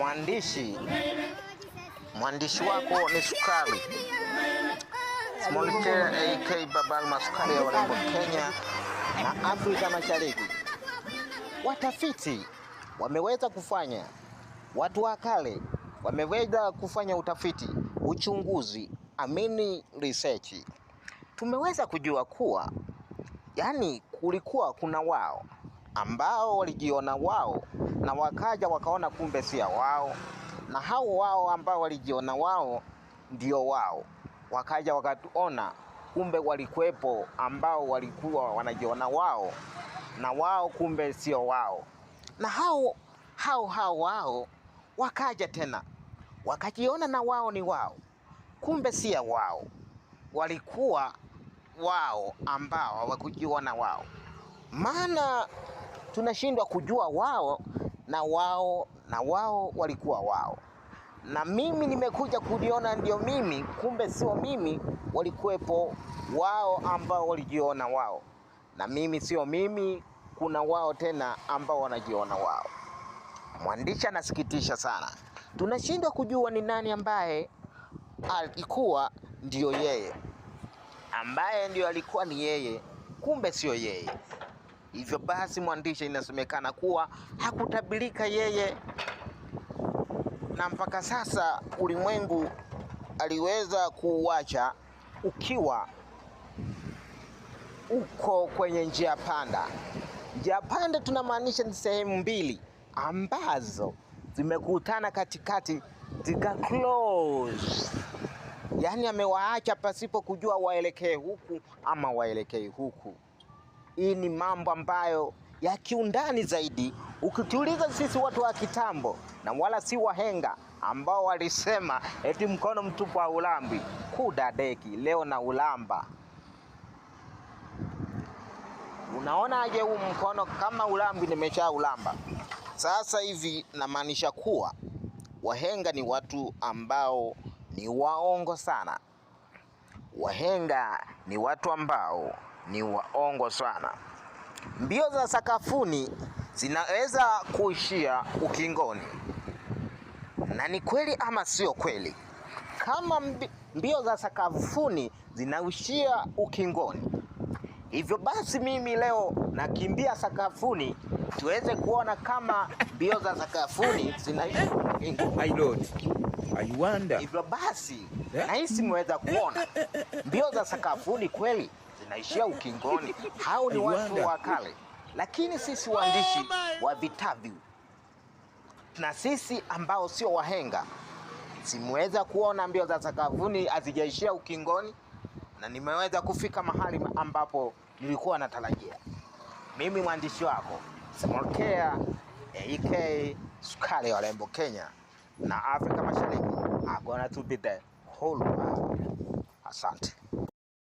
Mwandishi, mwandishi wako ni Sukari Smolke AK Babalma, Sukari ya warembo Kenya na Afrika Mashariki. Watafiti wameweza kufanya, watu wa kale wameweza kufanya utafiti, uchunguzi, amini research, tumeweza kujua kuwa yani kulikuwa kuna wao ambao walijiona wao na wakaja wakaona kumbe si wao, na hao wao ambao walijiona wao ndio wao wakaja wakatuona kumbe walikuwepo ambao walikuwa wanajiona wao na wao kumbe sio wao, na hao hao hao wao wakaja tena wakajiona na wao ni wao, kumbe si wao, walikuwa wao ambao hawakujiona wao, maana tunashindwa kujua wao na wao na wao walikuwa wao, na mimi nimekuja kujiona ndio mimi, kumbe sio mimi. Walikuwepo wao ambao walijiona wao, na mimi sio mimi. Kuna wao tena ambao wanajiona wao. Mwandishi anasikitisha sana, tunashindwa kujua ni nani ambaye alikuwa ndiyo yeye, ambaye ndio alikuwa ni yeye, kumbe sio yeye. Hivyo basi mwandishi inasemekana kuwa hakutabirika yeye, na mpaka sasa ulimwengu aliweza kuuacha ukiwa uko kwenye njia panda. Njia panda tunamaanisha ni sehemu mbili ambazo zimekutana katikati, zika close, yaani amewaacha pasipo kujua waelekee huku ama waelekee huku. Hii ni mambo ambayo ya kiundani zaidi, ukituliza sisi watu wa kitambo na wala si wahenga ambao walisema eti mkono mtupu ulambi kuda deki, leo na ulamba. Unaonaje huu mkono kama ulambi? Nimesha ulamba sasa hivi. Namaanisha kuwa wahenga ni watu ambao ni waongo sana. Wahenga ni watu ambao ni waongo sana. Mbio za sakafuni zinaweza kuishia ukingoni, na ni kweli ama sio kweli? Kama mbio za sakafuni zinaishia ukingoni, hivyo basi mimi leo nakimbia sakafuni tuweze kuona kama mbio za sakafuni zinaishia ukingoni. Hivyo basi eh? nahisi mweza kuona mbio za sakafuni kweli inaishia ukingoni. Hao ni watu wa kale, lakini sisi waandishi oh, wa vitabu na sisi ambao sio wahenga, simeweza kuona mbio za sakafuni hazijaishia ukingoni, na nimeweza kufika mahali ambapo nilikuwa natarajia. Mimi mwandishi wako Samolkea AK Sukari wa Lembo Kenya na Afrika Mashariki, I'm gonna to be the whole world. Asante.